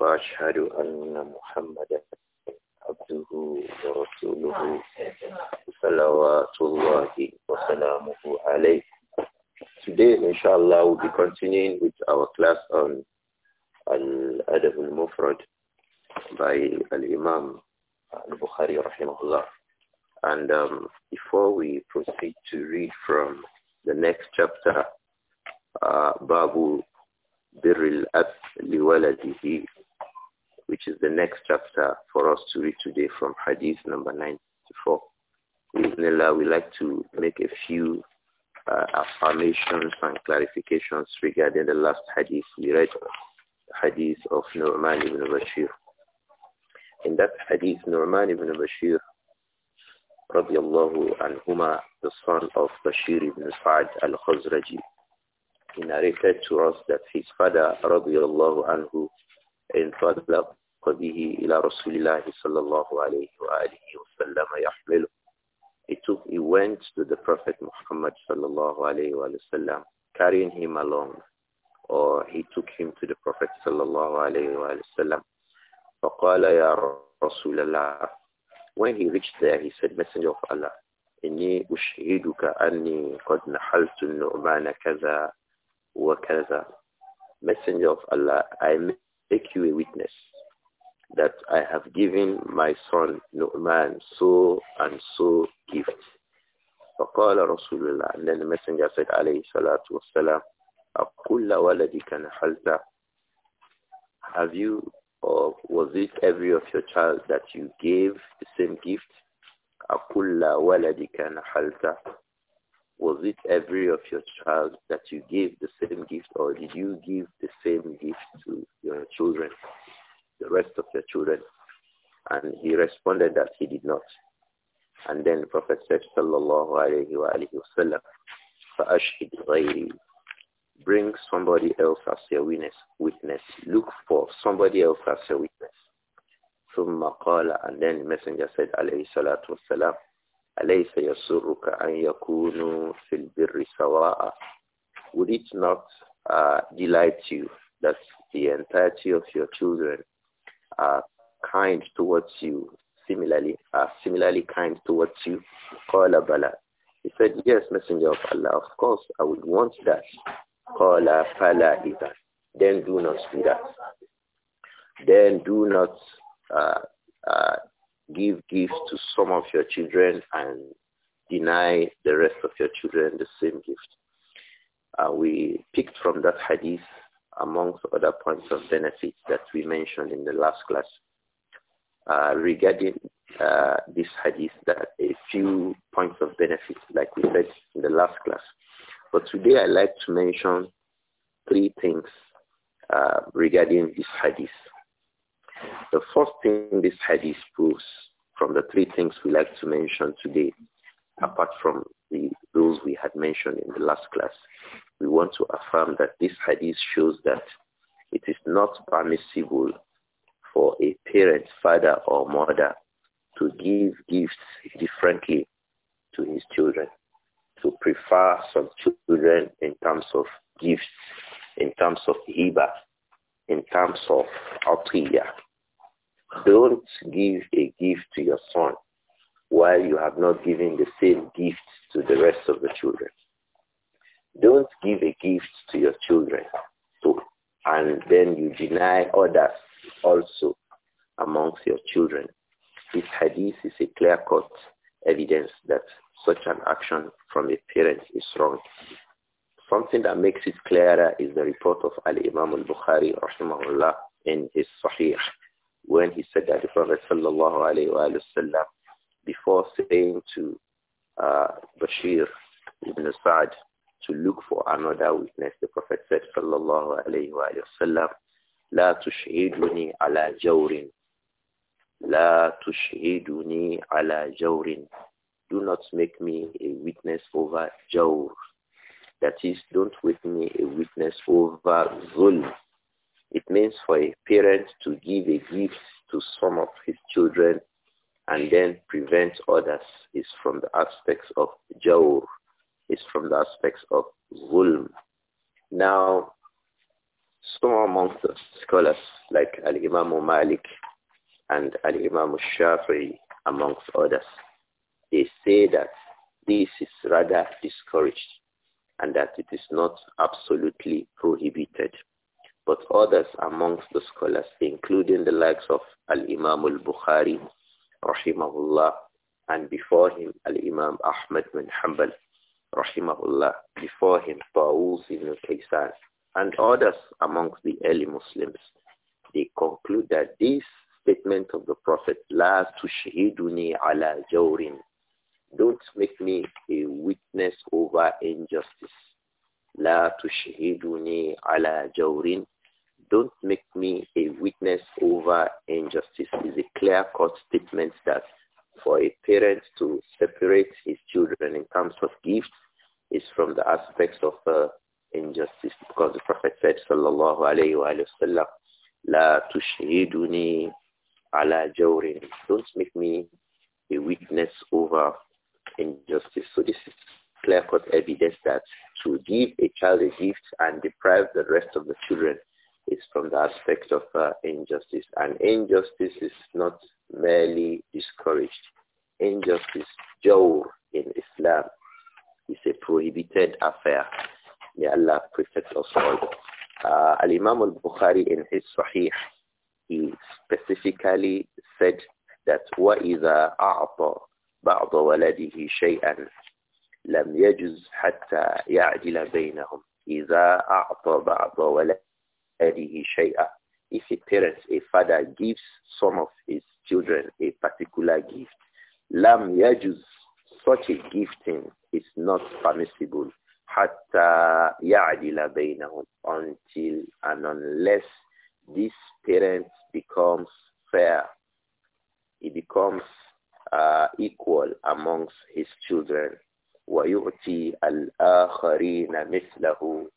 وأشهد أن محمدا عبده ورسوله صلوات الله وسلامه عليه Today, inshallah, we'll be continuing with our class on Al-Adab al-Mufrad by Al-Imam Al-Bukhari rahimahullah. And um, before we proceed to read from the next chapter, uh, Babu Birr al-Ab liwaladihi which is the next chapter for us to read today from Hadith number 94. Bismillah, we like to make a few uh, affirmations and clarifications regarding the last Hadith we read, Hadith of Nu'man ibn Bashir. In that Hadith, Nu'man ibn Bashir, radiallahu anhuma, the son of Bashir ibn Sa'd al-Khazraji, he narrated to us that his father, radiallahu anhu, in Fadlab إلى رسول الله صلى الله عليه وآله وسلم يحمله. He took, went to the Prophet Muhammad صلى الله عليه وسلم carrying him along or he took him to the Prophet صلى الله عليه وسلم فقال يا رسول الله When he reached there, he said, Messenger of Allah, إني أشهدك أني قد نحلت النعمان كذا وكذا. Messenger of Allah, I make you a witness that I have given my son Nu'man so and so gift. فقال رسول الله and then the messenger said عليه الصلاة والسلام أقول ولدك نحلت Have you or was it every of your child that you gave the same gift? أقول ولدك نحلت Was it every of your child that you gave the same gift or did you give the same gift to your children? the rest of your children? And he responded that he did not. And then the Prophet said, Sallallahu alayhi wa alayhi wa sallam, فَأَشْهِدْ غَيْرِي Bring somebody else as your witness. witness. Look for somebody else as your witness. ثُمَّ قَالَ And then the Messenger said, alayhi salatu wasalam, أَلَيْسَ يَسُرُّكَ أَن يَكُونُوا فِي الْبِرِّ سَوَاءً Would it not uh, delight you that the entirety of your children are kind towards you, similarly, are similarly kind towards you? Qala He said, yes, messenger of Allah, of course, I would want that. Qala fala idan. Then do not do that. Then do not uh, uh, give gifts to some of your children and deny the rest of your children the same gift. Uh, we picked from that hadith amongst other points of benefit that we mentioned in the last class uh, regarding uh, this hadith that a few points of benefit like we said in the last class. But today I like to mention three things uh, regarding this hadith. The first thing this hadith proves from the three things we like to mention today, apart from the, those we had mentioned in the last class. We want to affirm that this hadith shows that it is not permissible for a parent, father or mother to give gifts differently to his children, to prefer some children in terms of gifts, in terms of hiba, in terms of atiyah. Don't give a gift to your son while you have not given the same gift to the rest of the children. Don't give a gift to your children and then you deny others also amongst your children. This hadith is a clear-cut evidence that such an action from a parent is wrong. Something that makes it clearer is the report of Al-Imam al-Bukhari rahimahullah in his Sahih when he said that the Prophet sallallahu alayhi wa sallam before saying to uh, Bashir ibn sa to look for another witness, the Prophet said, sallallahu alayhi wa sallam, لا تشهدني على جور لا تشهدني Do not make me a witness over jawr. That is, don't make me a witness over zulm. It means for a parent to give a gift to some of his children and then prevent others is from the aspects of jawr, is from the aspects of zulm. Now, some amongst the scholars like Al-Imam Malik and Al-Imam Shafi'i amongst others, they say that this is rather discouraged and that it is not absolutely prohibited. But others amongst the scholars, including the likes of Al-Imam al-Bukhari rahimahullah, and before him Al-Imam Ahmad bin Hanbal, rahimahullah, before him Tawus ibn Kaysan, and others amongst the early Muslims. They conclude that this statement of the Prophet, La tushhiduni ala jawrin, don't make me a witness over injustice. La tushhiduni ala jawrin, don't make me a witness over injustice is a clear-cut statement that for a parent to separate his children in terms of gifts is from the aspects of uh, injustice because the Prophet said, sallallahu alayhi wa sallam, la tushhiduni ala jawrin. Don't make me a witness over injustice. So this is clear-cut evidence that to give a child a gift and deprive the rest of the children is from the aspect of uh, injustice. And injustice is not merely discouraged. Injustice, jawr in Islam, is a prohibited affair. May Allah protect us all. Uh, Al-Imam al-Bukhari in his Sahih, he specifically said that وَإِذَا أَعْطَى بَعْضَ وَلَدِهِ شَيْئًا لم يجز حتى يعدل بينهم إذا أعطى بعض ولده if a parent, a father gives some of his children a particular gift, lam yajuz, such a gifting is not permissible hatta ya'dila bainahum until and unless this parent becomes fair, he becomes uh, equal amongst his children. وَيُؤْتِي الْآخَرِينَ مِثْلَهُ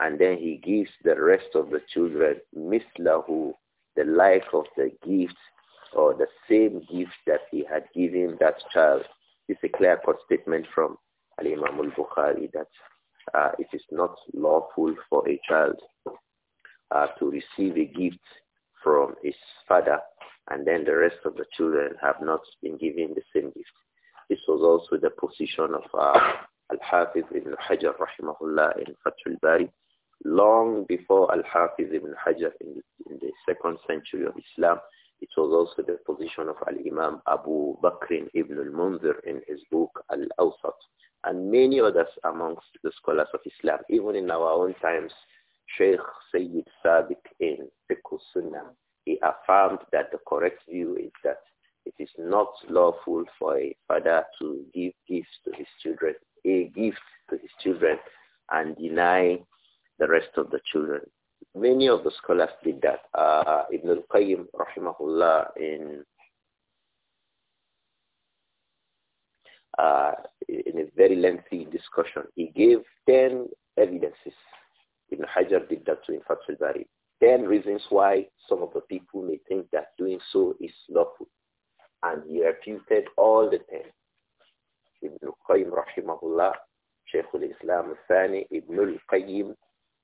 and then he gives the rest of the children mislahu, the like of the gift or the same gift that he had given that child. It's a clear-cut statement from Al-Imam al-Bukhari that uh, it is not lawful for a child uh, to receive a gift from his father and then the rest of the children have not been given the same gift. This was also the position of uh, Al-Hafiz ibn Hajar rahimahullah in Fathul Bari Long before Al-Hafiz ibn Hajar in, in the, second century of Islam, it was also the position of Al-Imam Abu Bakr ibn al-Munzir in his book Al-Awsat and many others amongst the scholars of Islam. Even in our own times, Sheikh Sayyid Sadiq in Fiqh Sunnah, he affirmed that the correct view is that it is not lawful for a father to give gifts to his children, a gift to his children, and deny the rest of the children. Many of the scholars did that. Uh, Ibn al-Qayyim, rahimahullah, in uh, in a very lengthy discussion, he gave 10 evidences. Ibn Hajar did that too in Fatul Bari. 10 reasons why some of the people may think that doing so is lawful. And he refuted all the 10. Ibn al-Qayyim, rahimahullah, Shaykh al-Islam al-Thani, Ibn al-Qayyim,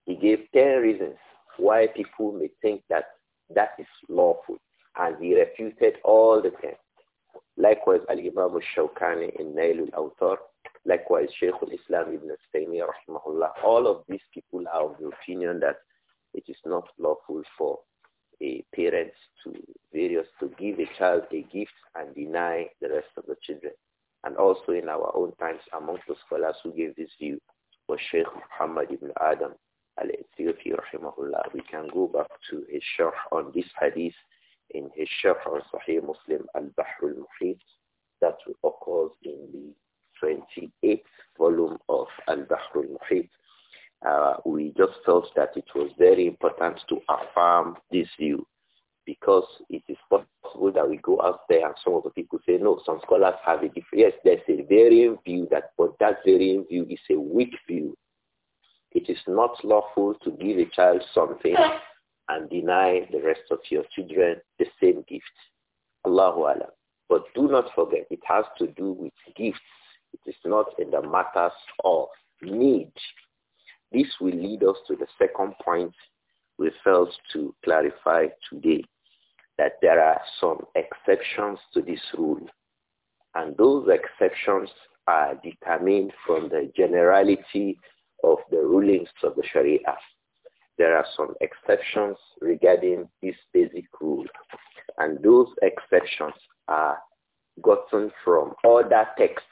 he gave 10 reasons why people may think that that is lawful. And he refuted all the 10. Likewise, Al-Imam al-Shawkani in Nail al-Awtar. Likewise, Shaykh al-Islam ibn Taymiyyah rahimahullah. All of these people are of the opinion that it is not lawful for a to various to give a child a gift and deny the rest of the children. And also in our own times amongst the scholars who gave this view was Sheikh Muhammad ibn Adam we can go back to his sharh on this hadith in his sharh on Sahih Muslim al bahrul muhit that occurs in the 28th volume of al bahrul muhit Uh, we just felt that it was very important to affirm this view because it is possible that we go out there and some of the people say, no, some scholars have a different, yes, there's a varying view that, but that varying view is a weak view. It is not lawful to give a child something and deny the rest of your children the same gift. Allahu Alam. But do not forget, it has to do with gifts. It is not in the matters of need. This will lead us to the second point we felt to clarify today, that there are some exceptions to this rule. And those exceptions are determined from the generality of the rulings of the Sharia. There are some exceptions regarding this basic rule. And those exceptions are gotten from other texts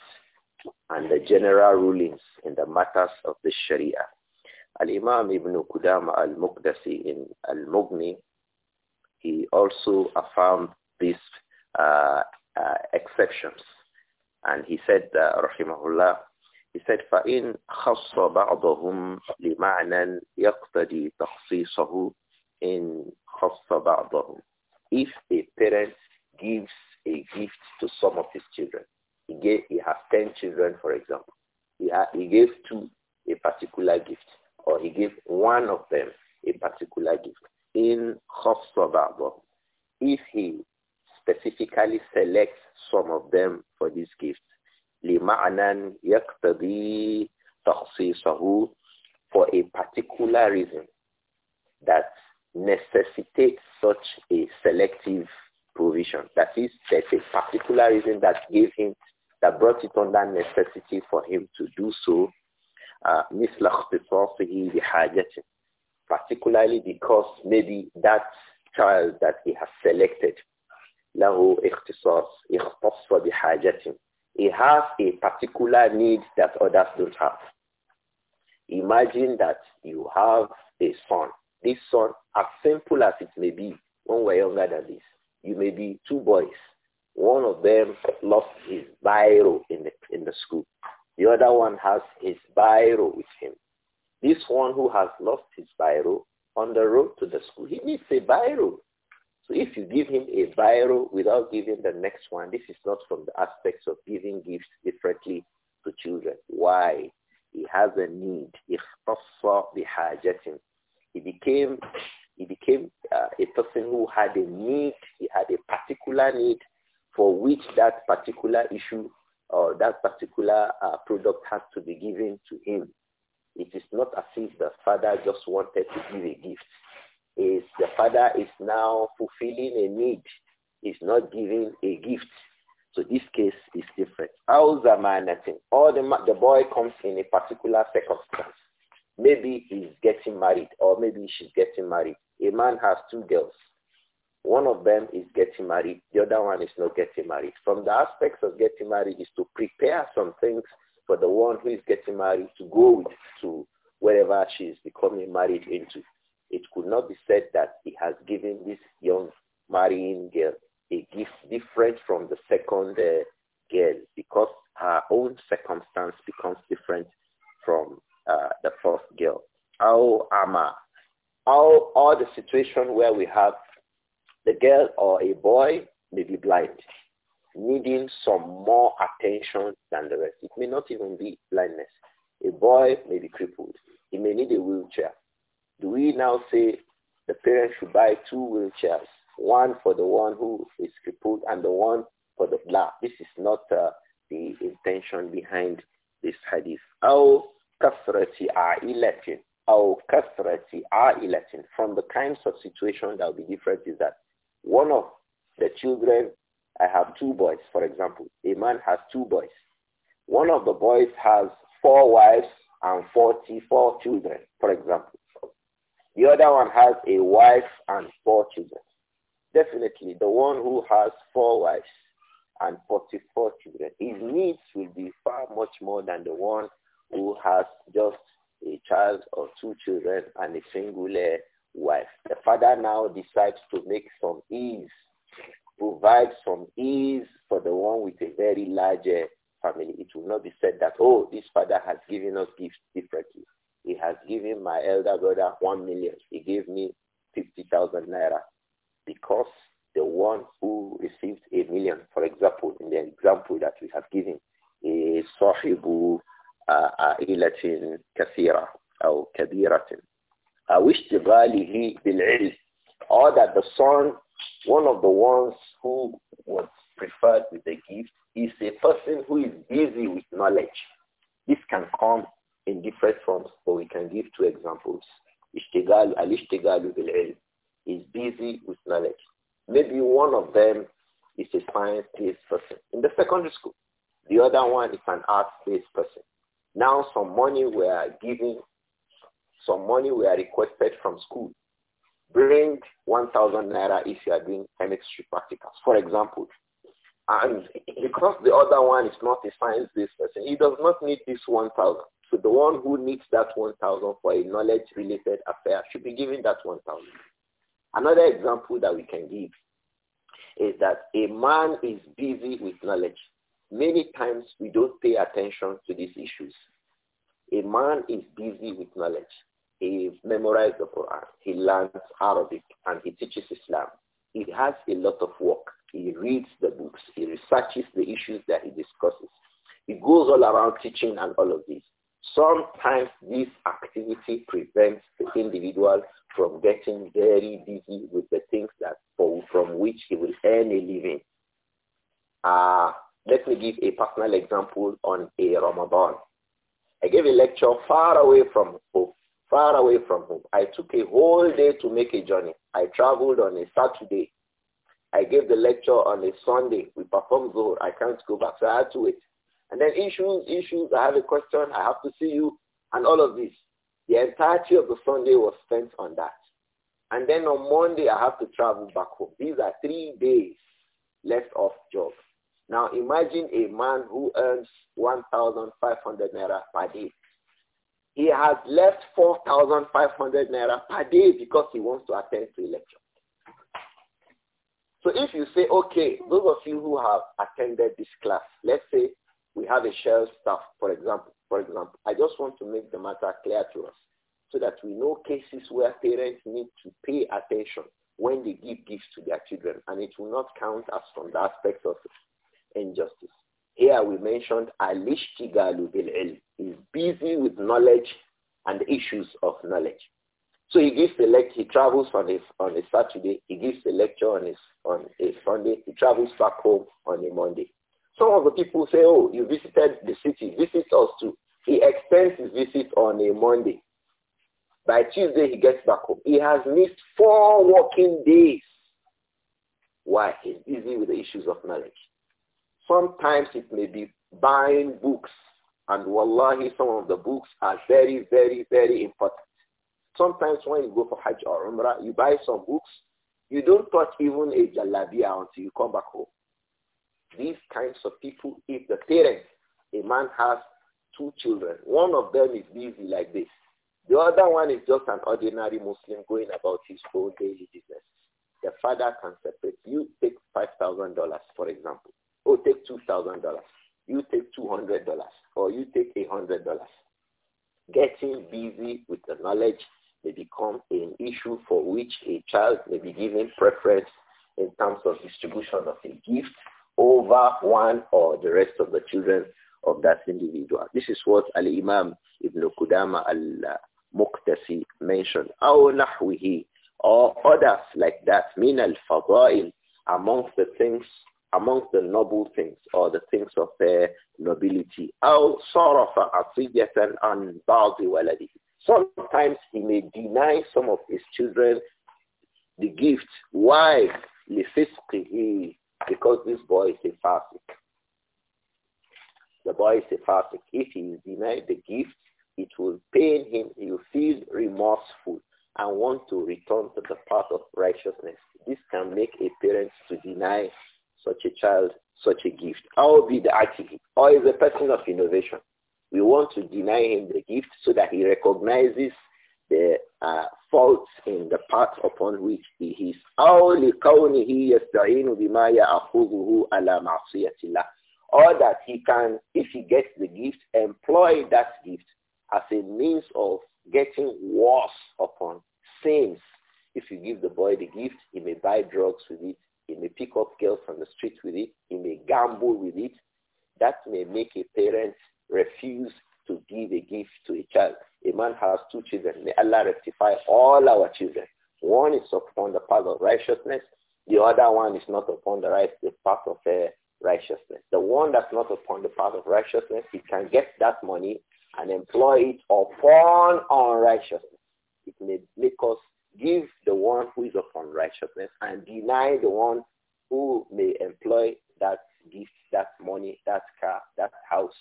and the general rulings in the matters of the Sharia. Al-Imam Ibn Qudama al-Muqdasi in Al-Mughni, he also affirmed these uh, uh, exceptions. And he said, uh, rahimahullah, he said, فَإِنْ خَصَّ بَعْضَهُمْ لِمَعْنًا يَقْتَدِي تَخْصِيصَهُ إِنْ خَصَّ بَعْضَهُمْ If a parent gives a gift to some of his children, he, gave, he has 10 children, for example. He, ha, he gave two a particular gift, or he gave one of them a particular gift. In خَصَّ بَعْضَهُمْ If he specifically selects some of them for this gift, لِمَعْنًا يَقْتَضِي تَخْصِيصَهُ for a particular reason that necessitates such a selective provision. That is, there's a particular reason that gave him, that brought it under necessity for him to do so, uh, مثل اختصاصه بحاجته, particularly because maybe that child that he has selected له اختصاص اختص بحاجته he has a particular need that others don't have. Imagine that you have a son. This son, as simple as it may be, when we're younger than this, you may be two boys. One of them lost his biro in the, in the school. The other one has his biro with him. This one who has lost his biro on the road to the school, he needs a biro. So if you give him a viral without giving the next one, this is not from the aspects of giving gifts differently to children. Why? He has a need. He became he became uh, a person who had a need. He had a particular need for which that particular issue or that particular uh, product has to be given to him. It is not as if the father just wanted to give a gift is the father is now fulfilling a need. He's not giving a gift. So this case is different. man, zamanatin. Or the, the boy comes in a particular circumstance. Maybe he's getting married or maybe she's getting married. A man has two girls. One of them is getting married. The other one is not getting married. From the aspects of getting married is to prepare some things for the one who is getting married to go to wherever she is becoming married into it could not be said that he has given this young marrying girl a gift different from the second uh, girl because her own circumstance becomes different from uh, the first girl. How ama, our all the situation where we have the girl or a boy may be blind, needing some more attention than the rest. It may not even be blindness. A boy may be crippled. He may need a wheelchair. Do we now say the parents should buy two wheelchairs, one for the one who is crippled and the one for the black? This is not uh, the intention behind this hadith. أو كثرة عائلة أو From the kinds of situation that will be different is that one of the children, I have two boys, for example. A man has two boys. One of the boys has four wives and 44 children, for example. The other one has a wife and four children. Definitely, the one who has four wives and 44 children, his needs will be far much more than the one who has just a child or two children and a single wife. The father now decides to make some ease, provide some ease for the one with a very larger family. It will not be said that, oh, this father has given us gifts differently. He has given my elder brother 1 million. He gave me 50,000 naira because the one who received a million, for example, in the example that we have given, is uh, uh, or عائلة I wish كبيرة أو اشتغاله بالعلم or that the son, one of the ones who was preferred with the gift, is a person who is busy with knowledge. This can come in different forms, but we can give two examples. Ishtigal, al-ishtigalu bil is busy with knowledge. Maybe one of them is a science-based person in the secondary school. The other one is an arts-based person. Now some money we are giving, some money we are requested from school. Bring 1,000 naira if you are doing chemistry practicals, for example. And because the other one is not a science-based person, he does not need this 1,000. So the one who needs that 1,000 for a knowledge-related affair should be given that 1,000. Another example that we can give is that a man is busy with knowledge. Many times we don't pay attention to these issues. A man is busy with knowledge. He memorized the Quran. He learns Arabic and he teaches Islam. He has a lot of work. He reads the books. He researches the issues that he discusses. He goes all around teaching and all of this. Sometimes this activity prevents the individual from getting very busy with the things that from which he will earn a living. Uh, let me give a personal example on a Ramadan. I gave a lecture far away from home, far away from home. I took a whole day to make a journey. I traveled on a Saturday. I gave the lecture on a Sunday. We performed Zohar. I can't go back, so I had to wait. And then issues, issues, I have a question, I have to see you, and all of this. The entirety of the Sunday was spent on that. And then on Monday, I have to travel back home. These are three days left off job. Now imagine a man who earns 1,500 naira per day. He has left 4,500 naira per day because he wants to attend three lectures. So if you say, okay, those of you who have attended this class, let's say we have a shell staff, for example. For example, I just want to make the matter clear to us so that we know cases where parents need to pay attention when they give gifts to their children, and it will not count as from the aspect of injustice. Here we mentioned Alishtigalu bil ilm is busy with knowledge and issues of knowledge. So he gives a lecture. He travels on a on a Saturday. He gives a lecture on his on a Sunday. He travels back home on a Monday. Some of the people say, oh, you visited the city, visit us too. He extends his visit on a Monday. By Tuesday, he gets back home. He has missed four working days. Why? He's busy with the issues of marriage. Sometimes it may be buying books. And wallahi, some of the books are very, very, very important. Sometimes when you go for Hajj or Umrah, you buy some books. You don't touch even a jalabiya until you come back home. These kinds of people, if the parents, a man has two children, one of them is busy like this. The other one is just an ordinary Muslim going about his own daily business. The father can separate. You take $5,000, for example. Or oh, take $2,000. You take $200. Or you take $800. Getting busy with the knowledge may become an issue for which a child may be given preference in terms of distribution of a gift over one or the rest of the children of that individual. This is what Al-Imam Ibn Qudama Al-Muqtasi mentioned. أو نحوه or others like that min al fadail amongst the things amongst the noble things or the things of uh, nobility aw sarafa asiyatan an ba sometimes he may deny some of his children the gift why لفسقه because this boy is a fasik. The boy is a fasik. If he is denied the gift, it will pain him. He will feel remorseful and want to return to the path of righteousness. This can make a parent to deny such a child such a gift. Or will be the activity. Or is a person of innovation. We want to deny him the gift so that he recognizes there are faults in the path upon which he is. أو لكونه يستعين بما يأخذه على معصية الله. Or that he can, if he gets the gift, employ that gift as a means of getting worse upon sins. If you give the boy the gift, he may buy drugs with it. He may pick up girls on the street with it. He may gamble with it. That may make a parent refuse to give a gift to a child a man has two children. May Allah rectify all our children. One is upon the path of righteousness. The other one is not upon the right the path of uh, righteousness. The one that's not upon the path of righteousness, he can get that money and employ it upon unrighteousness. It may make us give the one who is upon righteousness and deny the one who may employ that gift, that money, that car, that house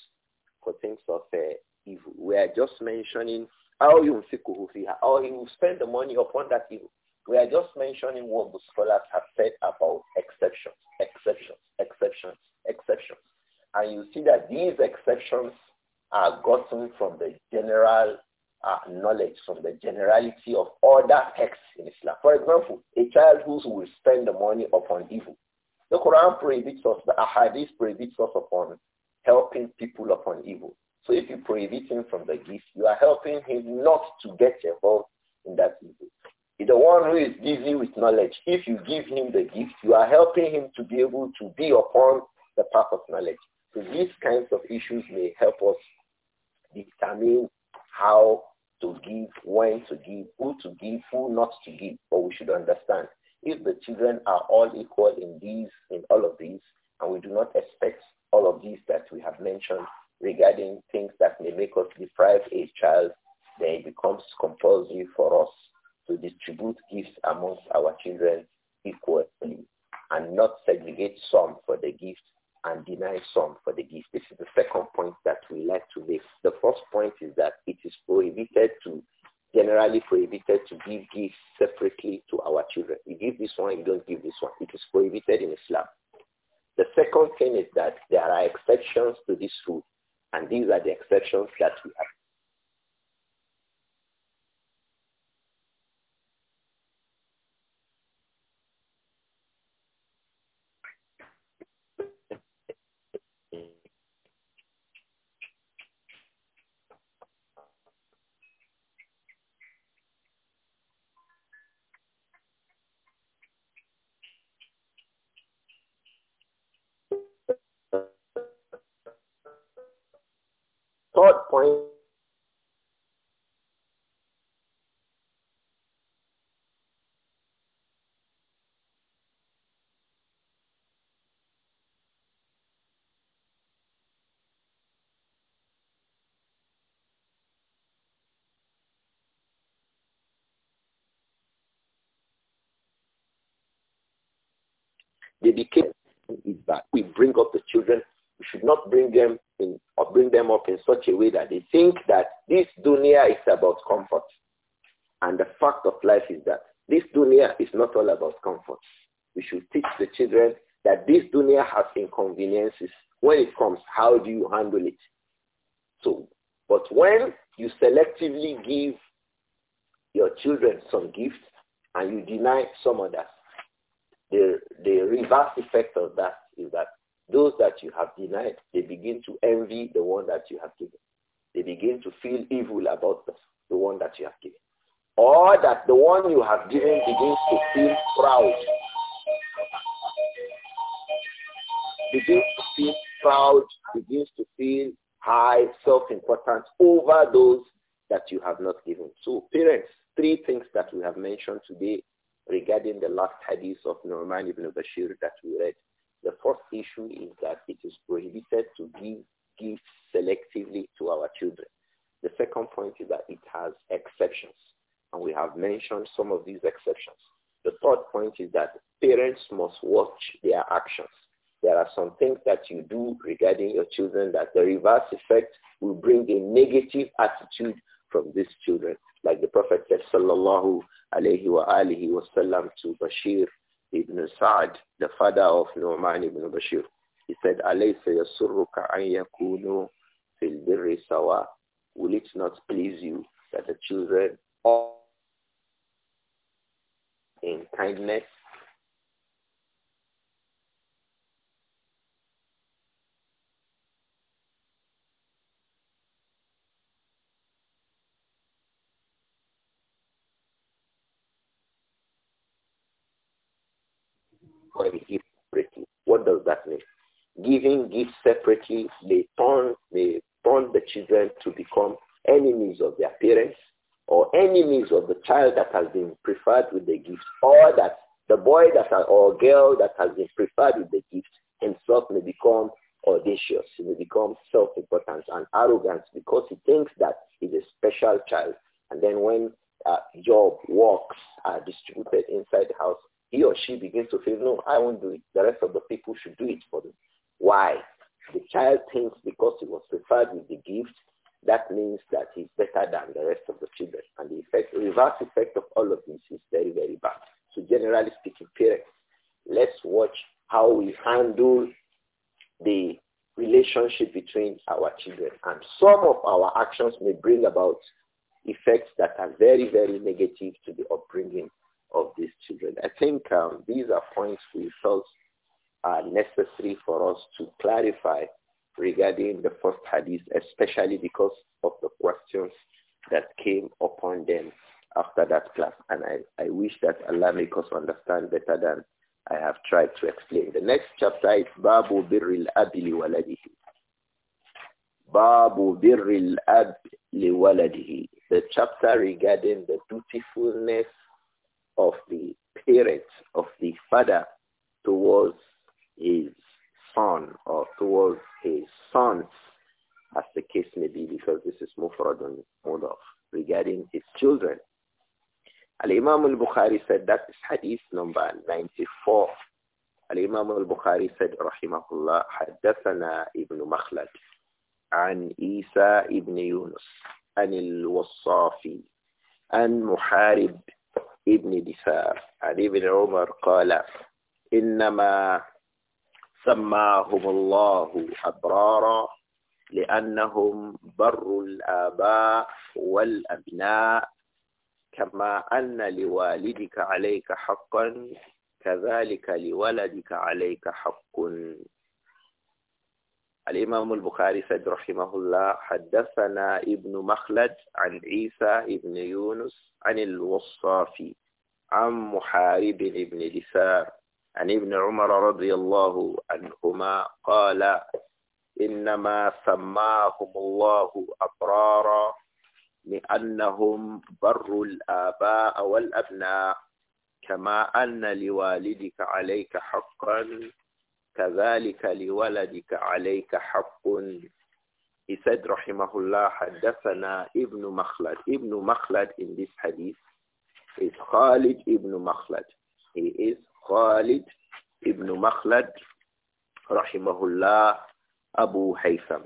for things of uh, evil. We are just mentioning how you will fiha, how he will spend the money upon that evil. We are just mentioning what the scholars have said about exceptions, exceptions, exceptions, exceptions. And you see that these exceptions are gotten from the general uh, knowledge, from the generality of other texts in Islam. For example, a child who will spend the money upon evil. The Quran prohibits us, the Ahadith prohibits us upon helping people upon evil. So if you prohibit him from the gift, you are helping him not to get involved in that evil. The one who is busy with knowledge, if you give him the gift, you are helping him to be able to be upon the path of knowledge. So these kinds of issues may help us determine how to give, when to give, who to give, who not to give. But we should understand if the children are all equal in these, in all of these, and we do not expect all of these that we have mentioned regarding things that may make us deprive a child, then it becomes compulsory for us to distribute gifts amongst our children equally and not segregate some for the gift and deny some for the gift. This is the second point that we like to make. The first point is that it is prohibited to, generally prohibited to give gifts separately to our children. You give this one, you don't give this one. It is prohibited in Islam. The second thing is that there are exceptions to this rule. And these are the exceptions that we have point they became is that we bring up the children we should not bring them in or bring them up in such a way that they think that this dunya is about comfort. And the fact of life is that this dunya is not all about comfort. We should teach the children that this dunya has inconveniences. When it comes, how do you handle it? So, but when you selectively give your children some gifts and you deny some others, the, the reverse effect of that is that those that you have denied, they begin to envy the one that you have given. They begin to feel evil about the, the one that you have given. Or that the one you have given begins to feel proud. Begins to feel proud, begins to feel high, self-important over those that you have not given. So parents, three things that we have mentioned today regarding the last hadith of Norman ibn Bashir that we read the first issue is that it is prohibited to give gifts selectively to our children. The second point is that it has exceptions, and we have mentioned some of these exceptions. The third point is that parents must watch their actions. There are some things that you do regarding your children that the reverse effect will bring a negative attitude from these children. Like the Prophet said, sallallahu alayhi wa alihi wasallam to Bashir Ibn Sa'd, the father of Nu'man ibn Bashir, he said, Will it not please you that the children all in kindness give separately. What does that mean? Giving gifts separately may turn, may turn the children to become enemies of their parents or enemies of the child that has been preferred with the gift or that the boy that or girl that has been preferred with the gift himself may become audacious. He may become self-important and arrogant because he thinks that he's a special child. And then when uh, job, works are distributed inside the house, he or she begins to feel, no, I won't do it. The rest of the people should do it for them. Why? The child thinks because he was preferred with the gift, that means that he's better than the rest of the children. And the effect, reverse effect of all of this is very, very bad. So generally speaking, parents, let's watch how we handle the relationship between our children. And some of our actions may bring about effects that are very, very negative to the upbringing of these children. I think um, these are points we felt are necessary for us to clarify regarding the first hadith, especially because of the questions that came upon them after that class. And I, I wish that Allah make us understand better than I have tried to explain. The next chapter is Babu Birril Abili Waladihi. Babu Birril Ab Waladihi. The chapter regarding the dutifulness of the parent, of the father towards his son or towards his sons, as the case may be, because this is Mufradun Mudaf regarding his children. Al-Imam al-Bukhari said that is hadith number 94. al-Bukhari said "Rahimahullah, الله حدثنا ابن مخلد عن عيسى ابن يونس عن الوصافي عن محارب ابن دثار عن ابن عمر قال إنما سماهم الله أبرارا لأنهم بر الآباء والأبناء كما أن لوالدك عليك حقا كذلك لولدك عليك حق الإمام البخاري سيد رحمه الله حدثنا ابن مخلد عن عيسى ابن يونس عن الوصافي عن محارب ابن لسار عن ابن عمر رضي الله عنهما قال إنما سماهم الله أبرارا لأنهم بروا الآباء والأبناء كما أن لوالدك عليك حقا كذلك لولدك عليك حق He said, Rahimahullah, حدثنا Ibn مخلد. Ibn مخلد in this hadith is Khalid Ibn Makhlad. He is Khalid Ibn Makhlad, Rahimahullah, Abu Haytham.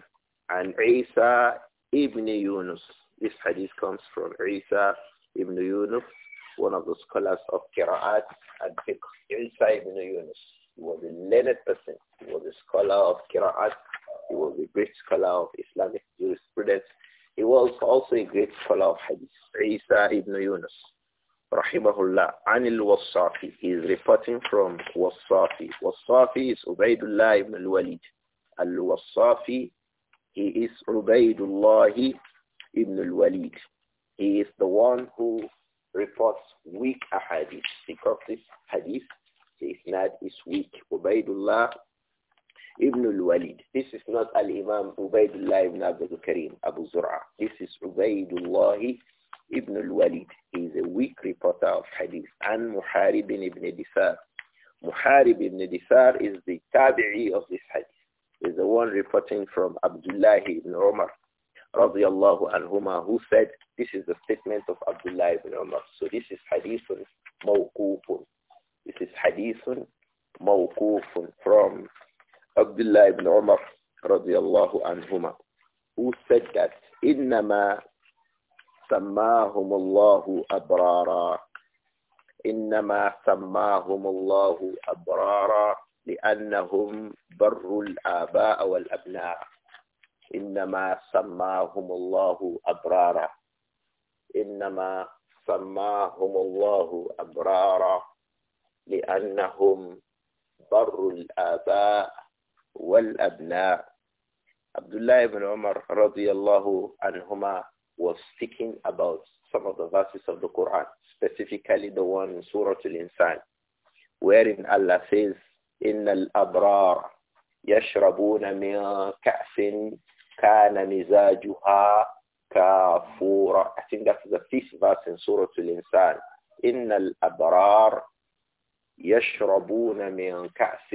And Isa Ibn Yunus. This hadith comes from Isa Ibn Yunus, one of the scholars of Qira'at and Fiqh. Isa Ibn Yunus. He was a learned person. He was a scholar of Qira'at. He was a great scholar of Islamic jurisprudence. He was also a great scholar of Hadith. Isa ibn Yunus, rahimahullah, anil Wasafi. He is reporting from Wasafi. Wasafi is Ubaidullah ibn al-Walid. Al-Wasafi, he is Ubaidullah ibn al-Walid. He is the one who reports weak ahadith because this hadith the isnad is weak. Ubaidullah ibn al-Walid. This is not al-Imam Ubaidullah ibn Abdul Karim Abu Zur'a. This is Ubaidullah ibn al-Walid. He is a weak reporter of hadith. And Muharib ibn Disar. Muharib ibn Disar is the tabi'i of this hadith. Is the one reporting from Abdullah ibn Umar radiallahu anhuma who said this is the statement of Abdullah ibn Umar. So this is hadith mawqufun. This is hadith موقوف from Abdullah ibn Umar radiallahu anhuma who said that إنما سماهم الله أبرارا إنما سماهم الله أبرارا لأنهم بر الآباء والأبناء إنما سماهم الله أبرارا إنما سماهم الله أبرارا لأنهم بر الآباء والأبناء Abdullah ibn Umar الله عنهما was speaking about some of the verses of the Quran, specifically the one in Surah Al-Insan, wherein Allah says, إن الأبرار يشربون من كأس كان مزاجها كافورا I think that's the fifth verse in Surah Al-Insan. إن الأبرار يشربون من كأس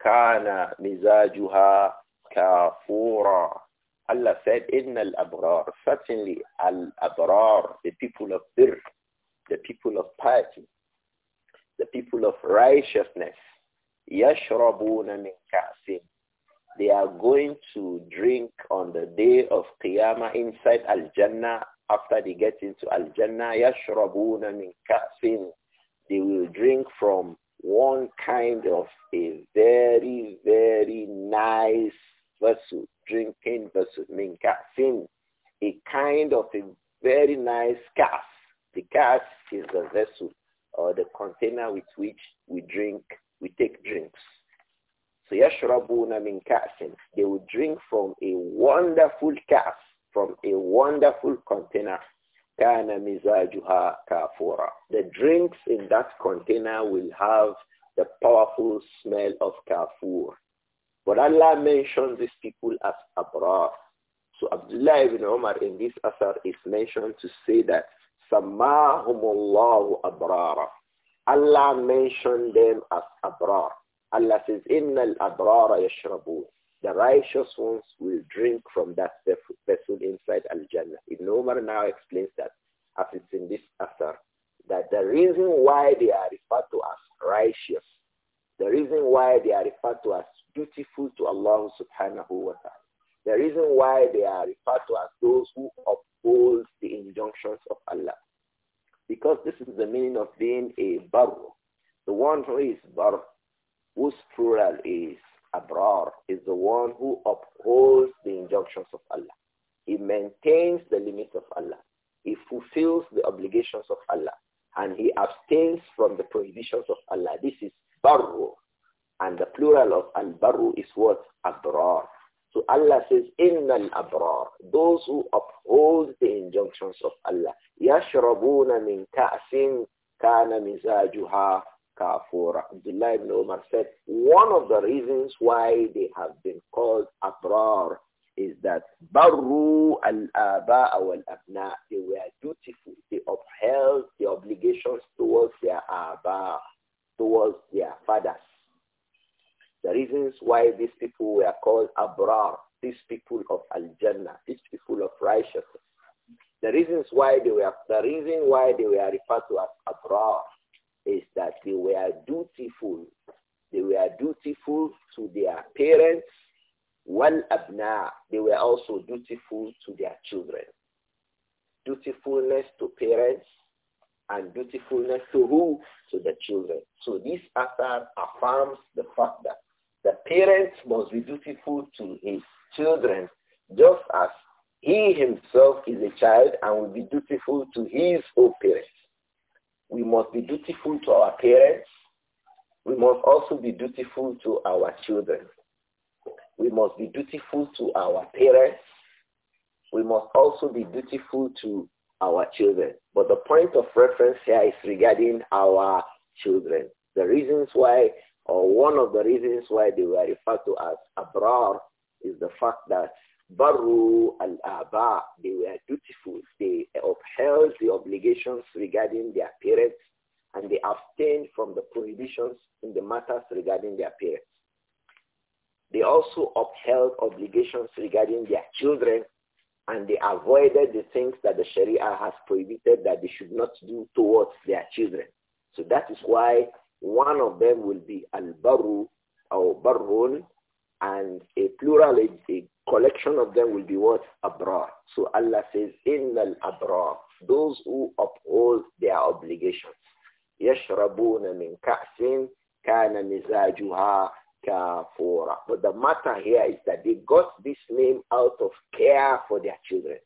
كان مزاجها كافورا Allah said, إن الأبرار certainly الأبرار the people of bir the people of piety the people of righteousness يشربون من كأس they are going to drink on the day of Qiyamah inside Al-Jannah after they get into Al-Jannah يشربون من كأس they will drink from one kind of a very, very nice vessel, drinking vessel, mean a kind of a very nice calf. The calf is the vessel or the container with which we drink, we take drinks. So yashrabuna min ka'sin. They will drink from a wonderful calf, from a wonderful container kana mizajuha kafura. The drinks in that container will have the powerful smell of kafur. But Allah mentions these people as abrar. So Abdullah ibn Umar in this asar is mentioned to say that Samahumullahu abrara. Allah mentioned them as abrar. Allah says, Inna al-abrara yashrabun. The righteous ones will drink from that vessel inside Al-Jannah. Ibn Umar now explains that, as it's in this Asar, that the reason why they are referred to as righteous, the reason why they are referred to as dutiful to Allah subhanahu wa ta'ala, the reason why they are referred to as those who uphold the injunctions of Allah. Because this is the meaning of being a baru. The one who is baru, whose plural is abrar is the one who upholds the injunctions of Allah. He maintains the limits of Allah. He fulfills the obligations of Allah. And he abstains from the prohibitions of Allah. This is barru. And the plural of al-barru is what? Abrar. So Allah says, al abrar, those who uphold the injunctions of Allah. يَشْرَبُونَ مِنْ كَأْسٍ كَانَ مِزَاجُهَا Kafur. Abdullah ibn Umar said, one of the reasons why they have been called Abrar is that Barru al-Aba'a wal-Abna, they were dutiful, they upheld the obligations towards their Aba, towards their fathers. The reasons why these people were called Abrar, these people of Al-Jannah, these people of righteousness, the reasons why they were, the reason why they were referred to as Abrar is that they were dutiful. They were dutiful to their parents. Wal abna, they were also dutiful to their children. Dutifulness to parents and dutifulness to who? To the children. So this asar affirms the fact that the parents must be dutiful to his children just as he himself is a child and will be dutiful to his own parents we must be dutiful to our parents. We must also be dutiful to our children. We must be dutiful to our parents. We must also be dutiful to our children. But the point of reference here is regarding our children. The reasons why, or one of the reasons why they were referred to as abrar is the fact that Baru al-Aba, they were dutiful. They upheld the obligations regarding their parents and they abstained from the prohibitions in the matters regarding their parents. They also upheld obligations regarding their children and they avoided the things that the Sharia has prohibited that they should not do towards their children. So that is why one of them will be al-baru or barun and a plural, a, collection of them will be what? Abrar. So Allah says, Innal abrar. Those who uphold their obligations. يَشْرَبُونَ مِنْ كَأْسٍ كَانَ مِزَاجُهَا كَافُورًا But the matter here is that they got this name out of care for their children.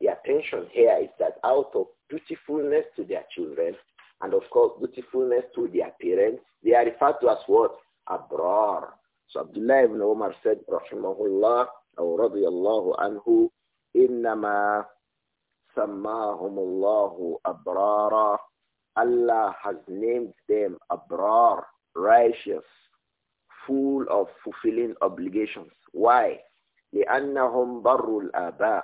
The attention here is that out of dutifulness to their children, and of course dutifulness to their parents, they are referred to as what? Abrar. So Abdullah ibn Umar said, Rahimahullah, or radiallahu anhu, إِنَّمَا سَمَّاهُمُ اللَّهُ أَبْرَارًا Allah has named them abrar, righteous, full of fulfilling obligations. Why? لأنهم بروا الآباء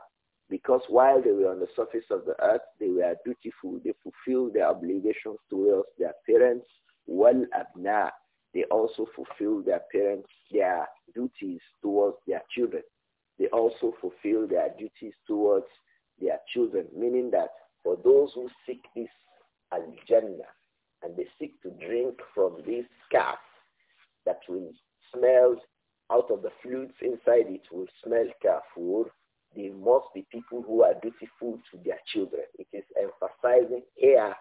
because while they were on the surface of the earth, they were dutiful. They fulfilled their obligations towards their parents, wal abna, they also fulfill their parents, their duties towards their children. They also fulfill their duties towards their children, meaning that for those who seek this al-jannah and they seek to drink from this calf that will smell out of the fluids inside it will smell kafur, they must be people who are dutiful to their children. It is emphasizing here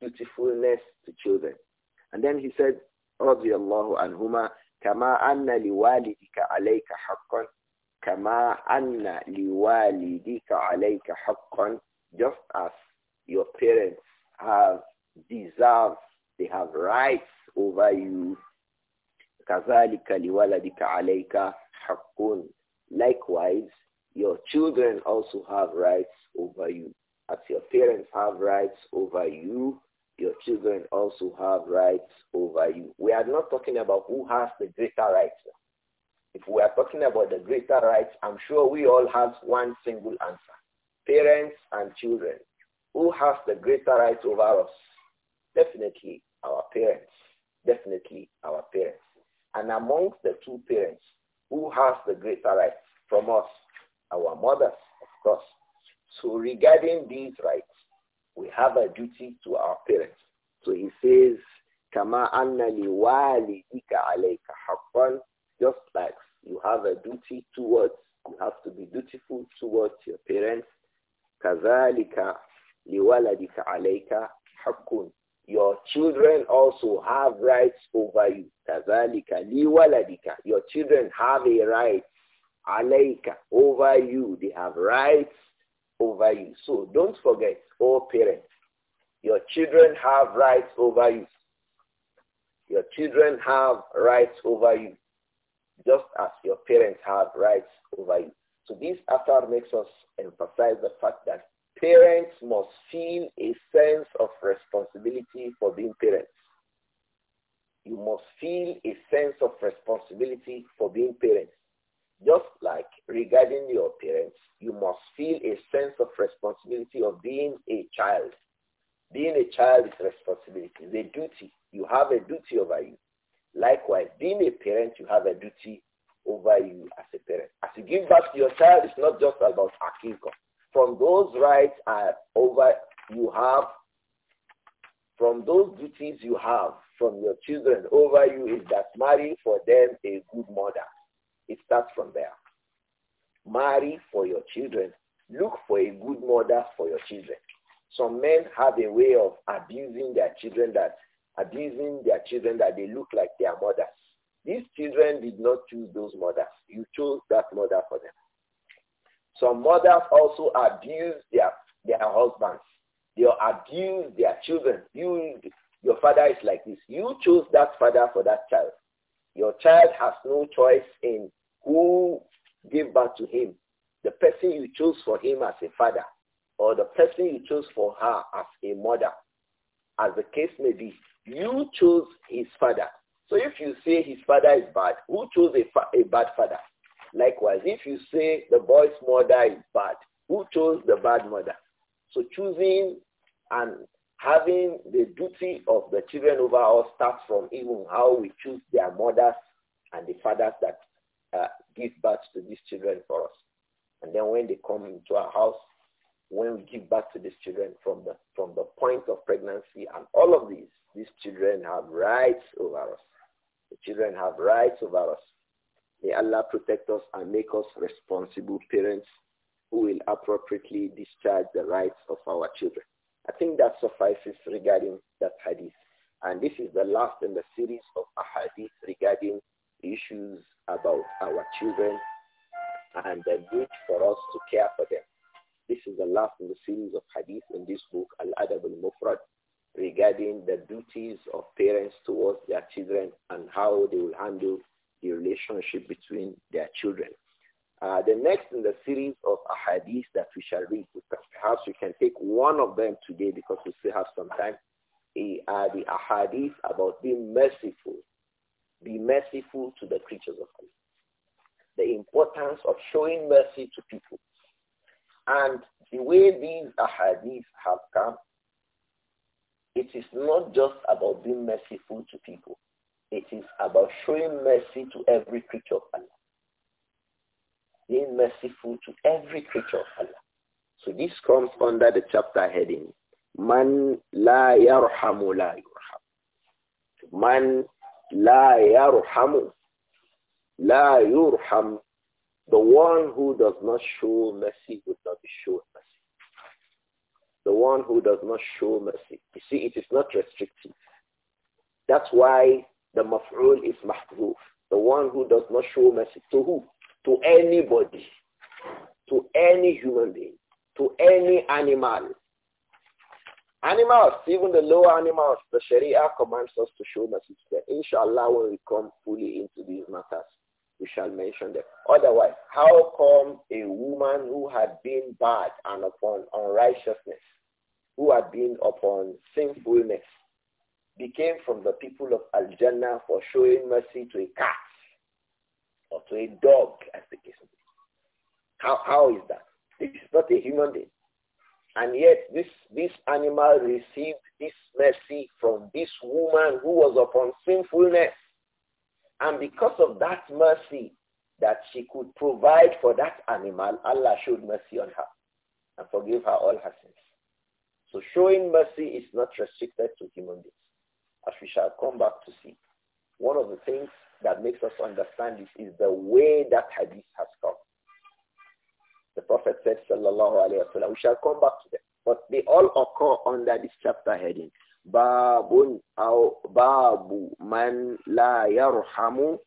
dutifulness to children. And then he said, رضي الله عنهما كما أن لوالدك عليك حقا كما أن لوالدك عليك حقا just as your parents have deserve they have rights over you كذلك لولدك عليك حق likewise your children also have rights over you as your parents have rights over you your children also have rights over you. We are not talking about who has the greater rights. If we are talking about the greater rights, I'm sure we all have one single answer. Parents and children. Who has the greater rights over us? Definitely our parents. Definitely our parents. And amongst the two parents, who has the greater rights from us? Our mothers, of course. So regarding these rights, we have a duty to our parents. So he says, Kama anna liwalidika alayka haqqan, just like you have a duty towards, you have to be dutiful towards your parents. Kazalika liwaladika alayka haqqun. Your children also have rights over you. Kazalika liwaladika. Your children have a right alayka over you. They have rights over you. So don't forget, oh parents, your children have rights over you. Your children have rights over you, just as your parents have rights over you. So this after makes us emphasize the fact that parents must feel a sense of responsibility for being parents. You must feel a sense of responsibility for being parents. Just like regarding your parents, you must feel a sense of responsibility of being a child. Being a child is responsibility, is a duty. You have a duty over you. Likewise, being a parent, you have a duty over you as a parent. As you give back to your child, it's not just about akiko. From those rights are over you have, from those duties you have from your children over you is that marry for them a good mother it starts from there. Marry for your children. Look for a good mother for your children. Some men have a way of abusing their children that abusing their children that they look like their mothers. These children did not choose those mothers. You chose that mother for them. Some mothers also abuse their, their husbands. They abuse their children. You, your father is like this. You chose that father for that child. Your child has no choice in who give birth to him. The person you chose for him as a father or the person you chose for her as a mother, as the case may be, you chose his father. So if you say his father is bad, who chose a, fa a bad father? Likewise, if you say the boy's mother is bad, who chose the bad mother? So choosing and having the duty of the children over us starts from even how we choose their mothers and the fathers that uh, give birth to these children for us. And then when they come into our house, when we give birth to these children from the, from the point of pregnancy and all of these, these children have rights over us. The children have rights over us. May Allah protect us and make us responsible parents who will appropriately discharge the rights of our children. I think that suffices regarding that hadith. And this is the last in the series of hadith regarding issues about our children and the need for us to care for them. This is the last in the series of hadith in this book, Al-Adab al-Mufrad, regarding the duties of parents towards their children and how they will handle the relationship between their children. Uh, the next in the series of ahadith that we shall read, perhaps we can take one of them today because we still have some time, eh, are the ahadith about being merciful. Be merciful to the creatures of Allah. The importance of showing mercy to people. And the way these ahadith have come, it is not just about being merciful to people. It is about showing mercy to every creature of Allah being merciful to every creature of Allah. So this comes under the chapter heading, Man la yarhamu la yurham. Man la yarhamu la yurham. The one who does not show mercy would not be shown mercy. The one who does not show mercy. You see, it is not restrictive. That's why the maf'ul is mahzuf. The one who does not show mercy to who? to anybody, to any human being, to any animal. Animals, even the lower animals, the Sharia commands us to show mercy to them. Inshallah, when we come fully into these matters, we shall mention them. Otherwise, how come a woman who had been bad and upon unrighteousness, who had been upon sinfulness, became from the people of Al-Jannah for showing mercy to a cat? or to a dog, as the case may be. How, how is that? This is not a human being. And yet this, this animal received this mercy from this woman who was upon sinfulness. And because of that mercy that she could provide for that animal, Allah showed mercy on her and forgive her all her sins. So showing mercy is not restricted to human beings, as we shall come back to see. One of the things that makes us understand this is the way that hadith has come. The Prophet said, sallallahu alayhi wasallam." we shall come back to them. But they all occur under this chapter heading. Babun aw babu man la yarhamu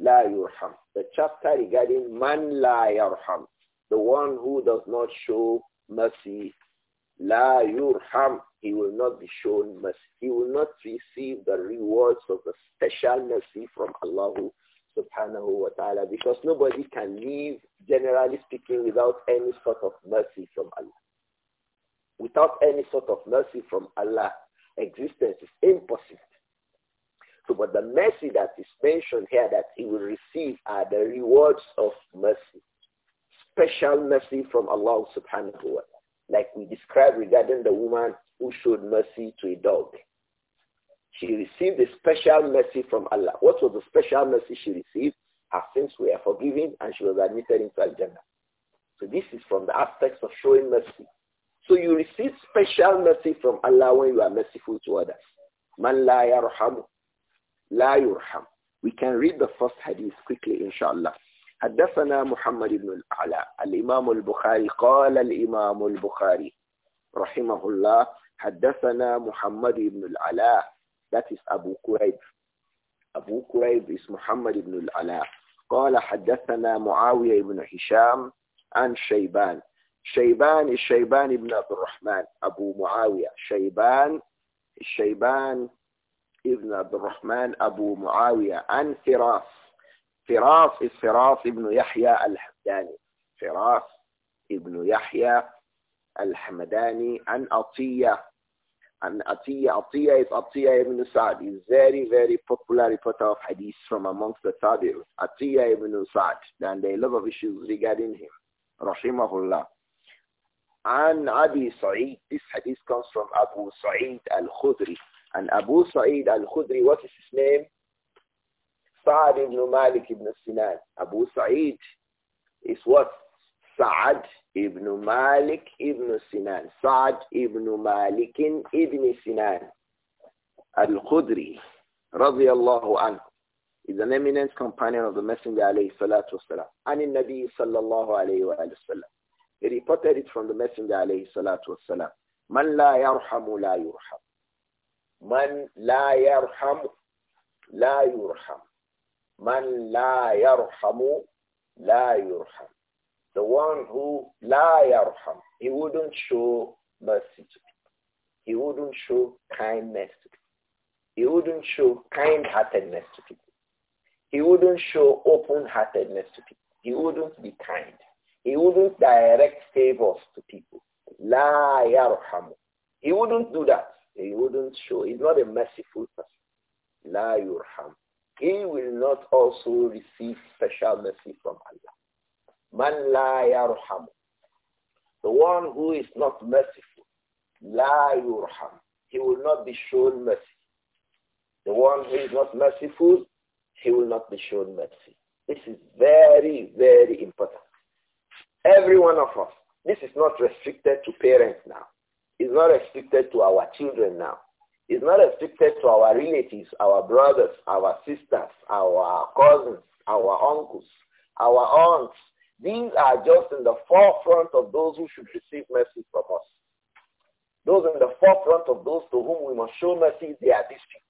la yurham. The chapter regarding man la yarham. The one who does not show mercy la yurham he will not be shown mercy. He will not receive the rewards of the special mercy from Allah subhanahu wa ta'ala because nobody can live, generally speaking, without any sort of mercy from Allah. Without any sort of mercy from Allah, existence is impossible. So, but the mercy that is mentioned here that he will receive are the rewards of mercy, special mercy from Allah subhanahu wa ta'ala. Like we described regarding the woman who showed mercy to a dog. She received a special mercy from Allah. What was the special mercy she received? Her sins were forgiven and she was admitted into Al-Jannah. So this is from the aspects of showing mercy. So you receive special mercy from Allah when you are merciful to others. Man la yarhamu, la yurham. We can read the first hadith quickly, inshallah. حدثنا محمد بن الأعلى الإمام البخاري قال الإمام البخاري رحمه الله حدثنا محمد بن العلاء that is Abu Quraib Abu Quraib is Muhammad بن العلاء قال حدثنا معاوية بن هشام عن شيبان شيبان الشيبان بن عبد الرحمن أبو معاوية شيبان الشيبان ابن عبد الرحمن أبو معاوية عن فراس فراس الفراس ابن يحيى الحمداني فراس ابن يحيى Al-Hamadani and Atiyah. And Atiyah, Atiyah is Atiyah ibn Sa'd. He's very, very popular reporter of hadith from amongst the Tabi'un. Atiyah ibn Sa'd. And there are a lot of issues regarding him. Rahimahullah. And Abi Sa'id. This hadith comes from Abu Sa'id al-Khudri. And Abu Sa'id al-Khudri, what is his name? Sa'd ibn Malik ibn Sinan. Abu Sa'id is what? Sa'ad ibn Malik ibn Sinan. Sa'ad ibn مالك ibn Sinan al رضي الله عنه is an eminent companion of the Messenger عليه الصلاة والسلام عن النبي صلى الله عليه وآله وسلم He reported it from the Messenger عليه الصلاة والسلام من la yarhamu la يرحم من la yarhamu la يرحم من la yarhamu la yurham. The one who la yarham, he wouldn't show mercy to people. He wouldn't show kindness to people. He wouldn't show kind-heartedness to people. He wouldn't show open-heartedness to people. He wouldn't be kind. He wouldn't direct favors to people. La yarham. He wouldn't do that. He wouldn't show. He's not a merciful person. La yurham. He will not also receive special mercy from Allah. Man la yarham. The one who is not merciful. La yurham. He will not be shown mercy. The one who is not merciful, he will not be shown mercy. This is very, very important. Every one of us. This is not restricted to parents now. It's not restricted to our children now. It's not restricted to our relatives, our brothers, our sisters, our cousins, our uncles, our aunts, these are just in the forefront of those who should receive mercy from us. Those in the forefront of those to whom we must show mercy, they are these people.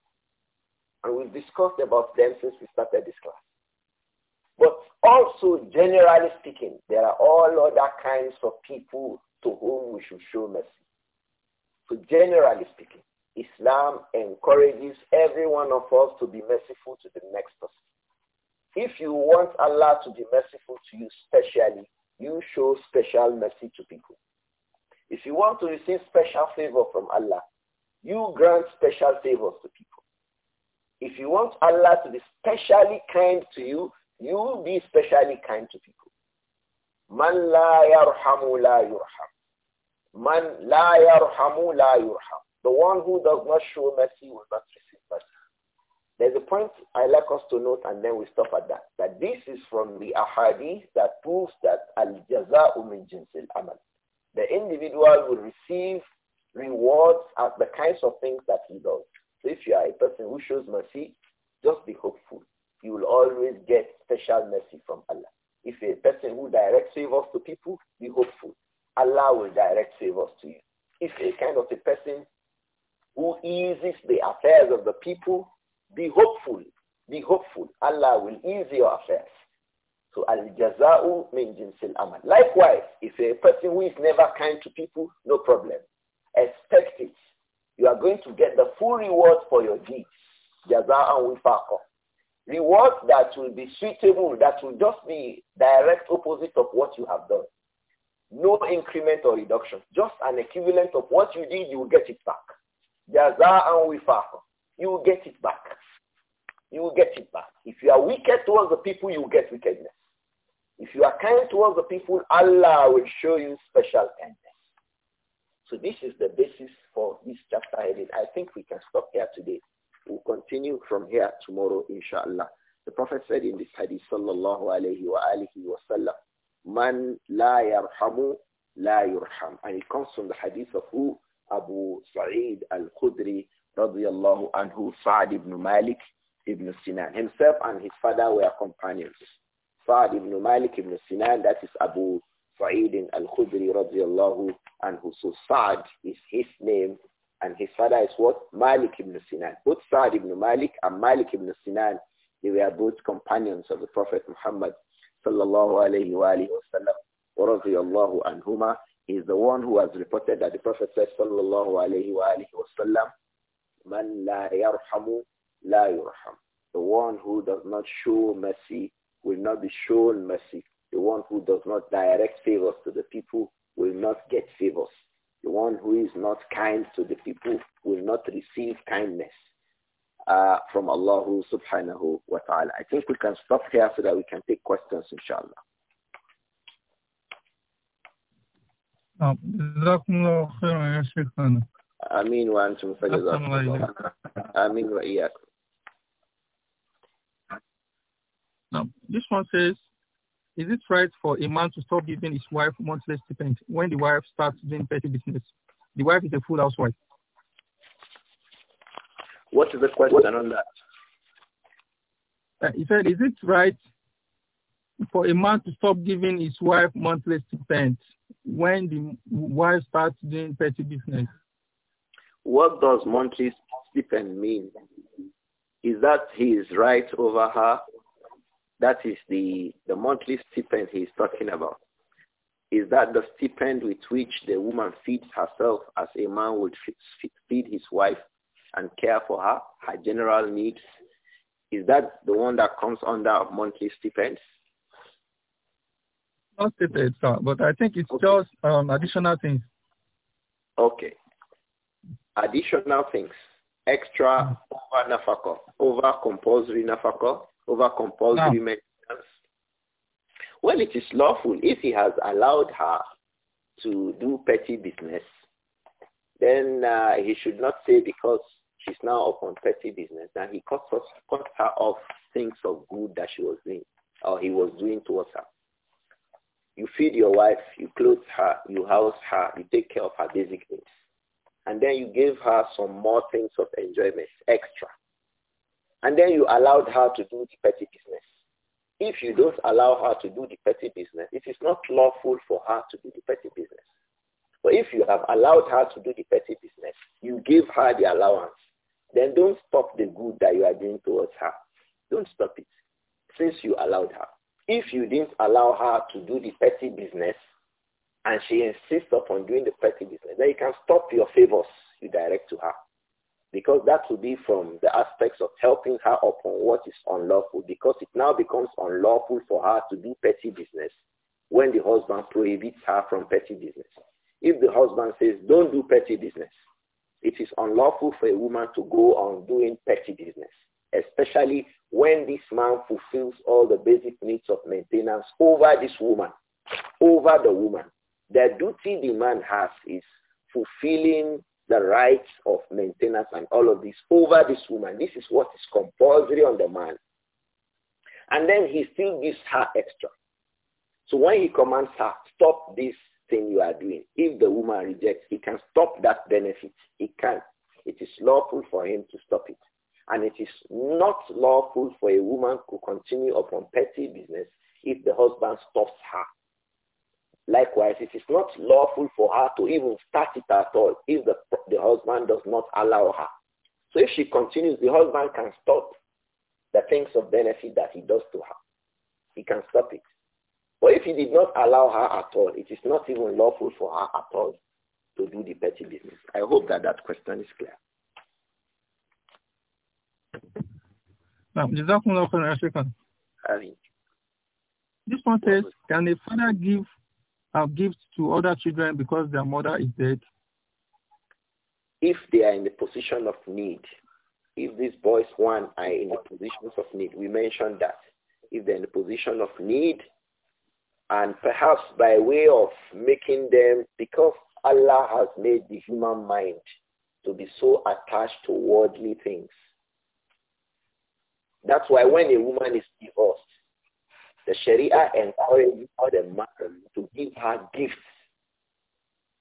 And we've discussed about them since we started this class. But also, generally speaking, there are all other kinds of people to whom we should show mercy. So generally speaking, Islam encourages every one of us to be merciful to the next person. If you want Allah to be merciful to you specially, you show special mercy to people. If you want to receive special favor from Allah, you grant special favors to people. If you want Allah to be specially kind to you, you will be specially kind to people. Man la yarhamu la yurham. Man la yarhamu la yurham. The one who does not show mercy will not receive there's a point I like us to note and then we stop at that. That this is from the ahadith that proves that al-jaza'u min jinsil amal. The individual will receive rewards at the kinds of things that he does. So if you are a person who shows mercy, just be hopeful. You will always get special mercy from Allah. If a person who directs favors to people, be hopeful. Allah will direct favors to you. If a kind of a person who eases the affairs of the people, be hopeful. Be hopeful. Allah will ease your affairs. So al-jaza'u min jinsil amal. Likewise, if a person who is never kind to people, no problem. Expect it. You are going to get the full reward for your deeds. Jaza'an wifaqa. Reward that will be suitable, that will just be direct opposite of what you have done. No increment or reduction. Just an equivalent of what you did, you will get it back. Jaza'an wifaqa you will get it back. You will get it back. If you are wicked towards the people, you will get wickedness. If you are kind towards the people, Allah will show you special kindness. So this is the basis for this chapter I think we can stop here today. We'll continue from here tomorrow, inshallah. The Prophet said in this hadith, sallallahu alayhi wa alihi wa sallam, man la yarhamu la yurham. And it comes from the hadith of who? Abu Sa'id al-Khudri radiallahu anhu, Sa'd ibn Malik ibn Sinan. Himself and his father were companions. Sa'd ibn Malik ibn Sinan, that is Abu Sa'id al-Khudri radiallahu anhu. So Sa'd is his name and his father is what? Malik ibn Sinan. Both Sa'd ibn Malik and Malik ibn Sinan, they were both companions of the Prophet Muhammad sallallahu alayhi wa alayhi wa sallam radiallahu anhuma. He is the one who has reported that the Prophet said sallallahu alayhi wa alayhi wa sallam Man la yarhamu la yurham. The one who does not show mercy will not be shown mercy. The one who does not direct favors to the people will not get favors. The one who is not kind to the people will not receive kindness uh, from Allah subhanahu wa ta'ala. I think we can stop here so that we can take questions inshallah. Um, آمين وأنتم فجزاكم amin wa وإياكم Now, this one says, is it right for a man to stop giving his wife monthly stipend when the wife starts doing petty business? The wife is a full housewife. What is the question on that? Uh, he said, is it right for a man to stop giving his wife monthly stipend when the wife starts doing petty business? What does monthly stipend mean? Is that his right over her? That is the, the monthly stipend he's talking about. Is that the stipend with which the woman feeds herself as a man would feed his wife and care for her, her general needs? Is that the one that comes under monthly stipends? Not stipend, sir, but I think it's okay. just um, additional things. Okay additional things, extra hmm. over nafaka, over compulsory nafaka, over compulsory no. Hmm. maintenance. Well, it is lawful if he has allowed her to do petty business. Then uh, he should not say because she's now on petty business that he cut, us, cut her off things of good that she was doing or he was doing towards her. You feed your wife, you clothe her, you house her, you take care of her basic needs and then you gave her some more things of enjoyment, extra. And then you allowed her to do the petty business. If you don't allow her to do the petty business, it is not lawful for her to do the petty business. But if you have allowed her to do the petty business, you give her the allowance, then don't stop the good that you are doing towards her. Don't stop it since you allowed her. If you didn't allow her to do the petty business, and she insists upon doing the petty business, then you can stop your favors you direct to her. Because that will be from the aspects of helping her upon what is unlawful because it now becomes unlawful for her to do petty business when the husband prohibits her from petty business. If the husband says, don't do petty business, it is unlawful for a woman to go on doing petty business, especially when this man fulfills all the basic needs of maintenance over this woman, over the woman. The duty the man has is fulfilling the rights of maintenance and all of this over this woman. This is what is compulsory on the man. And then he still gives her extra. So when he commands her, stop this thing you are doing. If the woman rejects, he can stop that benefit. He can. It is lawful for him to stop it. And it is not lawful for a woman to continue upon petty business if the husband stops her Likewise, it is not lawful for her to even start it at all if the, the husband does not allow her. So if she continues, the husband can stop the things of benefit that he does to her. He can stop it. But if he did not allow her at all, it is not even lawful for her at all to do the petty business. I hope that that question is clear. This one says, can a father give have gifts to other children because their mother is dead? If they are in the position of need, if these boys, one, are in the positions of need, we mentioned that. If they're in the position of need, and perhaps by way of making them, because Allah has made the human mind to be so attached to worldly things. That's why when a woman is divorced, the Sharia encourages the man to give her gifts.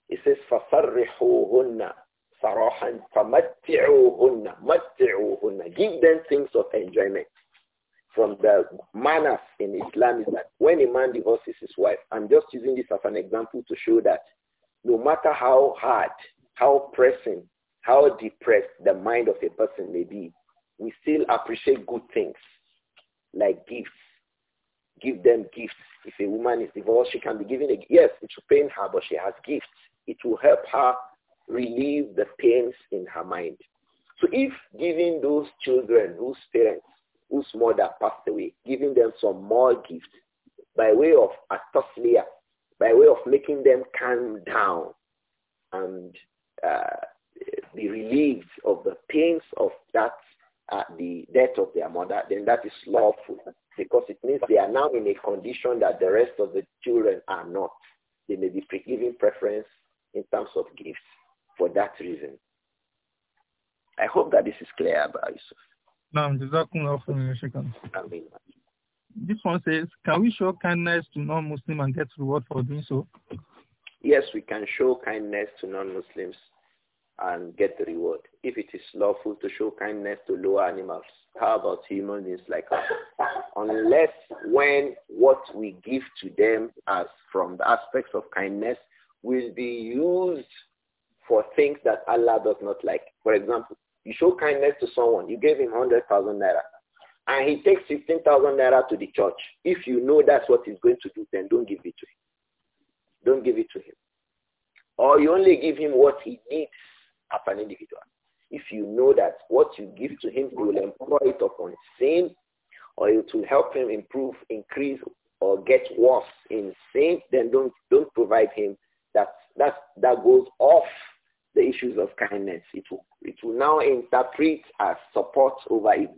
It says, فَفَرِّحُوهُنَّ صَرَاحًا فَمَتِّعُوهُنَّ مَتِّعُوهُنَّ Give them things of enjoyment. From the manners in Islam is that when a man divorces his wife, I'm just using this as an example to show that no matter how hard, how pressing, how depressed the mind of a person may be, we still appreciate good things like gifts give them gifts. If a woman is divorced, she can be given a yes, it will pain her, but she has gifts. It will help her relieve the pains in her mind. So if giving those children whose parents, whose mother passed away, giving them some more gifts by way of atoslia, by way of making them calm down and uh, be relieved of the pains of that, uh, the death of their mother, then that is lawful because it means they are now in a condition that the rest of the children are not. They may be giving preference in terms of gifts for that reason. I hope that this is clear, Abba Yusuf. This one says, can we show kindness to non-Muslim and get reward for doing so? Yes, we can show kindness to non-Muslims and get the reward. If it is lawful to show kindness to lower animals, how about human beings like us? Unless when what we give to them as from the aspects of kindness will be used for things that Allah does not like. For example, you show kindness to someone, you gave him 100,000 naira, and he takes 15,000 naira to the church. If you know that's what he's going to do, then don't give it to him. Don't give it to him. Or you only give him what he needs as an individual. If you know that what you give to him, he will employ it upon sin, or it will help him improve, increase, or get worse in sin, then don't don't provide him. That that that goes off the issues of kindness. It will it will now interpret as support over evil.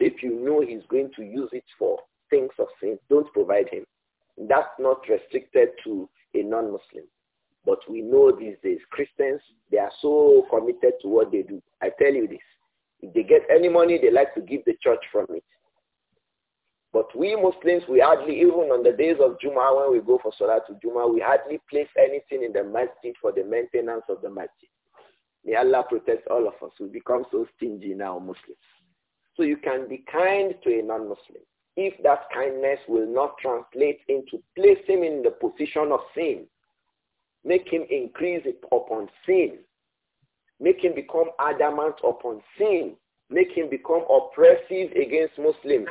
If you know he's going to use it for things of sin, don't provide him. That's not restricted to a non-Muslim. But we know these days, Christians, they are so committed to what they do. I tell you this. If they get any money, they like to give the church from it. But we Muslims, we hardly, even on the days of Juma, when we go for Salah to Juma, we hardly place anything in the masjid for the maintenance of the masjid. May Allah protect all of us. We become so stingy now, Muslims. So you can be kind to a non-Muslim. If that kindness will not translate into placing him in the position of sin, Make him increase it upon sin. Make him become adamant upon sin. Make him become oppressive against Muslims.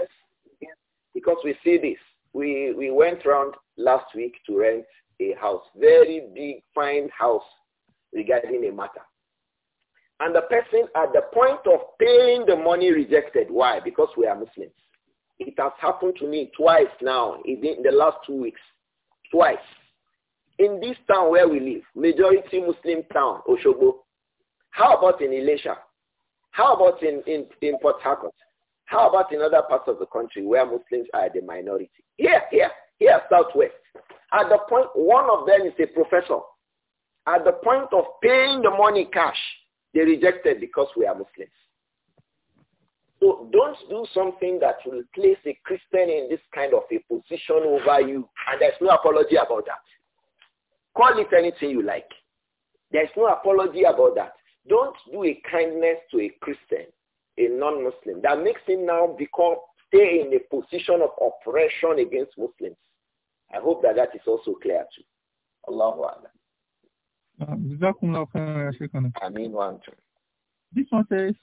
Because we see this. We, we went round last week to rent a house, very big, fine house regarding a matter. And the person at the point of paying the money rejected. Why? Because we are Muslims. It has happened to me twice now in the last two weeks. Twice. In this town where we live, majority Muslim town, Oshobo. How about in Elisha? How about in, in, in Port Harcourt? How about in other parts of the country where Muslims are the minority? Here, here, here, Southwest. At the point, one of them is a professor. At the point of paying the money cash, they rejected because we are Muslims. So don't do something that will place a Christian in this kind of a position over you. And there's no apology about that. Call it anything you like. There's no apology about that. Don't do a kindness to a Christian, a non-Muslim. That makes him now become, stay in a position of oppression against Muslims. I hope that that is also clear too. Allahu Akbar. Um, this one says,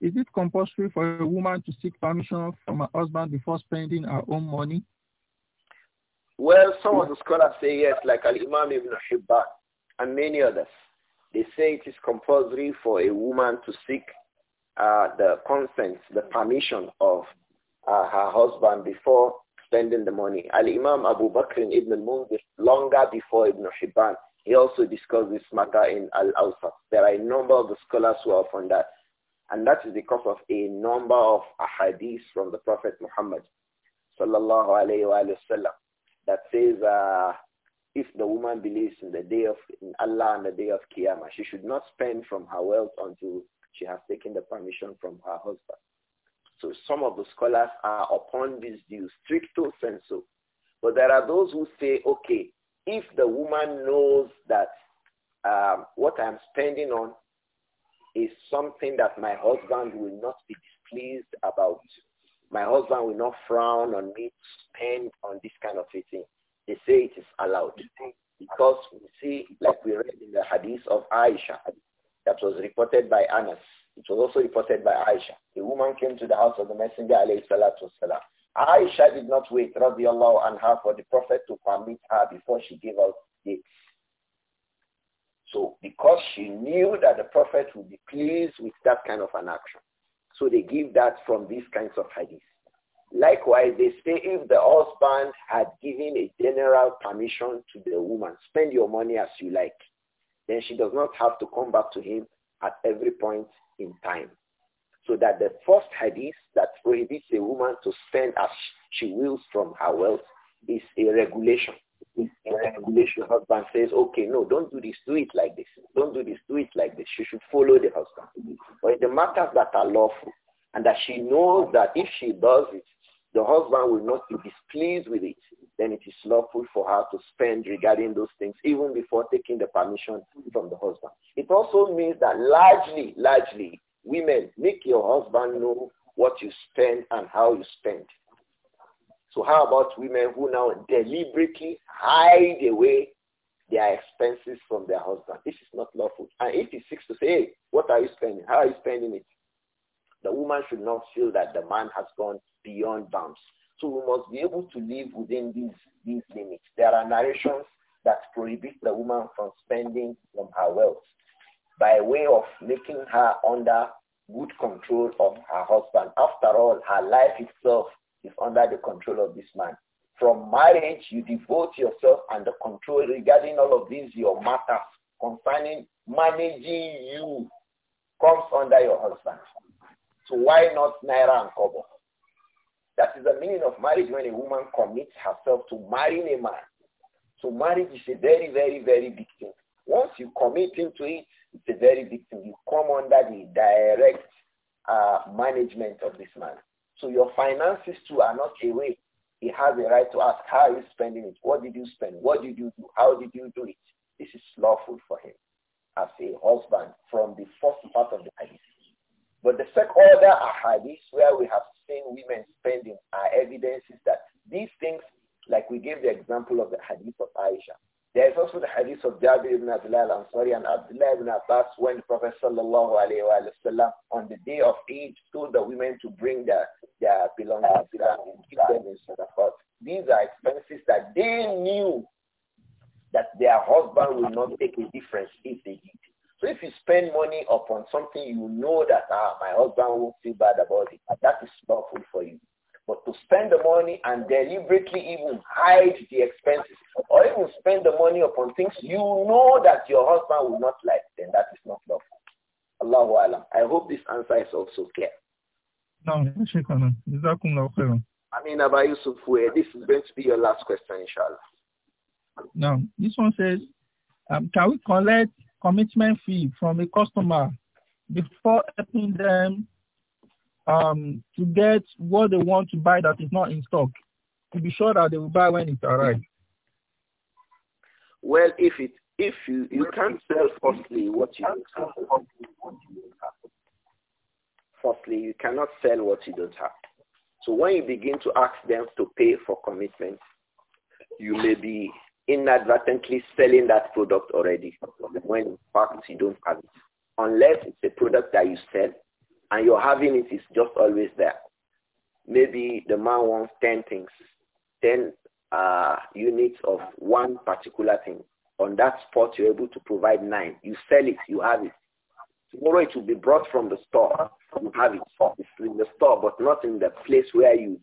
is it compulsory for a woman to seek permission from her husband before spending her own money? Well, some of the scholars say yes, like Al-Imam Ibn Hibban and many others. They say it is compulsory for a woman to seek uh, the consent, the permission of uh, her husband before spending the money. Al-Imam Abu Bakr ibn munzir longer before Ibn Hibban, he also discussed this matter in Al-Awsat. There are a number of scholars who are on that. And that is because of a number of ahadith from the Prophet Muhammad sallallahu alayhi wa sallam that says uh, if the woman believes in the day of Allah and the day of Qiyamah, she should not spend from her wealth until she has taken the permission from her husband. So some of the scholars are upon this view, stricto sensu. But there are those who say, okay, if the woman knows that um, what I'm spending on is something that my husband will not be displeased about, my husband will not frown on me, spend on this kind of thing. They say it is allowed. Because we see, like we read in the hadith of Aisha, that was reported by Anas. It was also reported by Aisha. A woman came to the house of the Messenger, alayhi salatu Aisha did not wait, radiallahu anha, for the Prophet to permit her before she gave out dates. So because she knew that the Prophet would be pleased with that kind of an action, so they give that from these kinds of hadith. Likewise, they say if the husband had given a general permission to the woman, spend your money as you like, then she does not have to come back to him at every point in time. So that the first hadith that prohibits a woman to spend as she wills from her wealth is a regulation the an husband says, okay, no, don't do this, do it like this. Don't do this, do it like this. She should follow the husband. But the matters that are lawful and that she knows that if she does it, the husband will not be displeased with it, then it is lawful for her to spend regarding those things even before taking the permission from the husband. It also means that largely, largely, women, make your husband know what you spend and how you spend. So how about women who now deliberately hide away their expenses from their husband? This is not lawful. And if he seeks to say, hey, what are you spending? How are you spending it? The woman should not feel that the man has gone beyond bounds. So we must be able to live within these, these limits. There are narrations that prohibit the woman from spending from her wealth by way of making her under good control of her husband. After all, her life itself is under the control of this man. From marriage, you devote yourself and the control regarding all of these, your matters concerning managing you comes under your husband. So why not Naira and Kobo? That is the meaning of marriage when a woman commits herself to marrying a man. So marriage is a very, very, very big thing. Once you commit into it, it's a very big thing. You come under the direct uh, management of this man. So your finances too are not away. He has a right to ask, how are you spending it? What did you spend? What did you do? How did you do it? This is lawful for him as a husband from the first part of the hadith. But the second order hadiths where we have seen women spending are evidences that these things, like we gave the example of the hadith of Aisha, there is also the hadith of Jabir ibn Abdullah al-Ansari and Abdullah ibn Abbas when the Prophet sallallahu alayhi wa sallam on the day of Eid told the women to bring their, their belongings to them and give them in sadaqat. These are expenses that they knew that their husband will not take a difference if they did. So if you spend money upon something you know that ah, my husband won't feel bad about it, that is lawful for you. But to spend the money and deliberately even hide the expenses or even spend the money upon things you know that your husband will not like, then that is not love. Allahu Alam. I hope this answer is also clear. No, I mean, Abba Yusuf, this is going to be your last question, inshallah. Now, this one says, um, can we collect commitment fee from a customer before helping them um, to get what they want to buy that is not in stock, to be sure that they will buy when it arrives? Well, if it if you you can't sell firstly what you don't have. Firstly, you cannot sell what you don't have. So when you begin to ask them to pay for commitment, you may be inadvertently selling that product already when in fact you don't have it. Unless it's a product that you sell and you're having it is just always there. Maybe the man wants 10 things, 10 uh, units of one particular thing. On that spot, you're able to provide nine. You sell it, you have it. Tomorrow it will be brought from the store. You have it. It's in the store, but not in the place where you,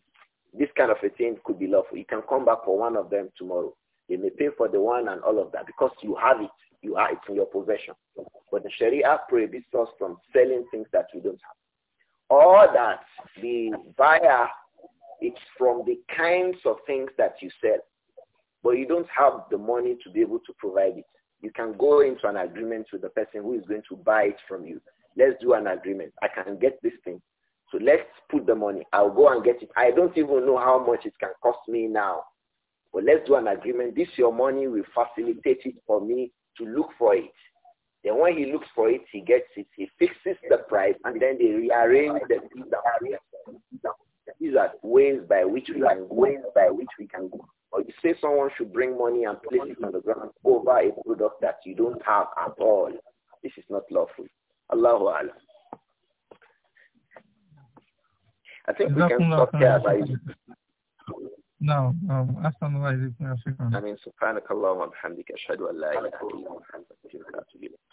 this kind of a thing could be lawful. You can come back for one of them tomorrow. They may pay for the one and all of that because you have it. You are, it's in your possession. But the Sharia prohibits us from selling things that we don't have. All that the buyer, it's from the kinds of things that you sell, but you don't have the money to be able to provide it. You can go into an agreement with the person who is going to buy it from you. Let's do an agreement. I can get this thing. So let's put the money. I'll go and get it. I don't even know how much it can cost me now. But let's do an agreement. This your money will facilitate it for me to look for it. Then when he looks for it, he gets it. He fixes the price, and then they rearrange the These are ways by which we can ways by which we can go. Or you say someone should bring money and place it on the ground over a product that you don't have at all. This is not lawful. Allahu Alam. I think we can stop here. نعم نعم أحسن الله إليكم I mean, آمين سبحانك